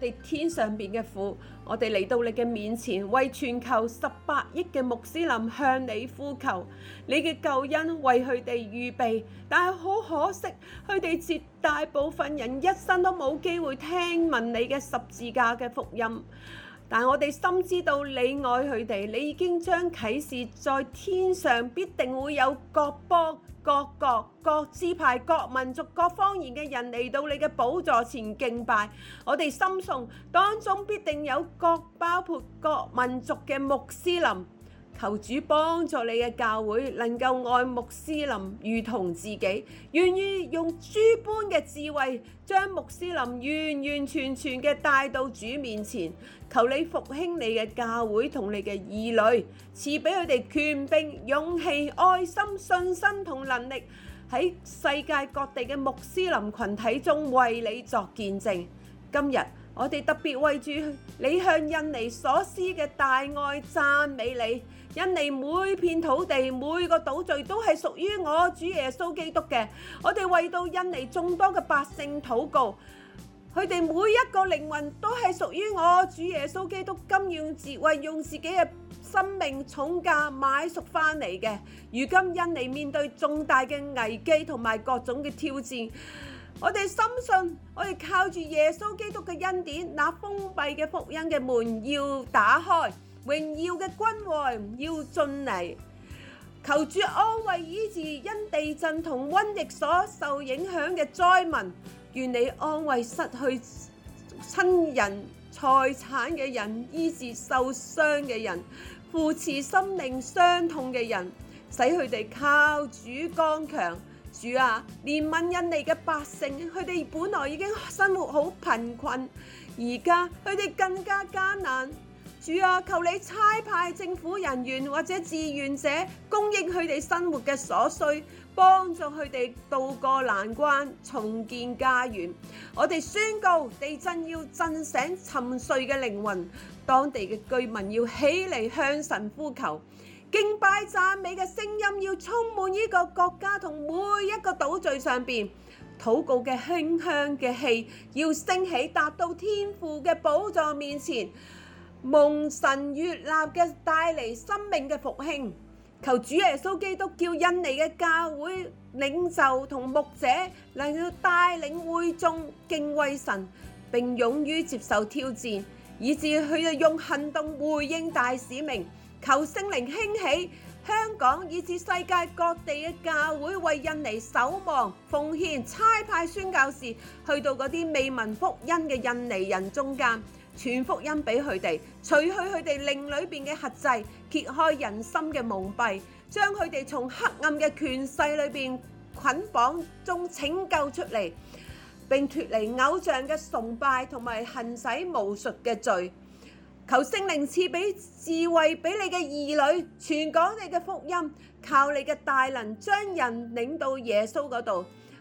我哋天上邊嘅父，我哋嚟到你嘅面前，為全球十八億嘅穆斯林向你呼求，你嘅救恩為佢哋預備，但係好可惜，佢哋絕大部分人一生都冇機會聽聞你嘅十字架嘅福音。但我哋深知道你愛佢哋，你已經將啟示在天上，必定會有各邦、各國、各支派、各民族、各方言嘅人嚟到你嘅寶座前敬拜。我哋深信當中必定有各包括各民族嘅穆斯林。求主幫助你嘅教會能夠愛穆斯林如同自己，願意用諸般嘅智慧將穆斯林完完全全嘅帶到主面前。求你復興你嘅教會同你嘅兒女，賜俾佢哋權柄、勇氣、愛心、信心同能力，喺世界各地嘅穆斯林群體中為你作見證。今日。我哋特別為住你向印尼所施嘅大愛讚美你，印尼每片土地、每個島嶼都係屬於我主耶穌基督嘅。我哋為到印尼眾多嘅百姓禱告，佢哋每一個靈魂都係屬於我主耶穌基督，甘願自為用自己嘅生命重價買贖翻嚟嘅。如今印尼面對重大嘅危機同埋各種嘅挑戰。我哋深信，我哋靠住耶穌基督嘅恩典，那封閉嘅福音嘅門要打開，榮耀嘅君王要進嚟。求主安慰醫治因地震同瘟疫所受影響嘅災民，願你安慰失去親人財產嘅人，醫治受傷嘅人，扶持心靈傷痛嘅人，使佢哋靠主剛強。主啊，憐憫印尼嘅百姓，佢哋本來已經生活好貧困，而家佢哋更加艱難。主啊，求你差派政府人員或者志願者供應佢哋生活嘅所需，幫助佢哋渡過難關，重建家園。我哋宣告，地震要震醒沉睡嘅靈魂，當地嘅居民要起嚟向神呼求。敬拜讚美嘅聲音要充滿呢個國家同每一個島嶼上邊，禱告嘅馨香嘅氣要升起，達到天父嘅寶座面前，蒙神悅納嘅帶嚟生命嘅復興。求主耶穌基督叫印尼嘅教會領袖同牧者嚟到帶領會眾敬畏神，並勇於接受挑戰，以致佢哋用行動回應大使命。求聖靈興起，香港以至世界各地嘅教會為印尼守望、奉獻、差派宣教士去到嗰啲未聞福音嘅印尼人中間，傳福音俾佢哋，除去佢哋靈裏邊嘅轄制，揭開人心嘅蒙蔽，將佢哋從黑暗嘅權勢裏邊捆綁中拯救出嚟，並脫離偶像嘅崇拜同埋行使巫術嘅罪。求聖靈賜俾智慧俾你嘅兒女，傳講你嘅福音，靠你嘅大能將人領到耶穌嗰度。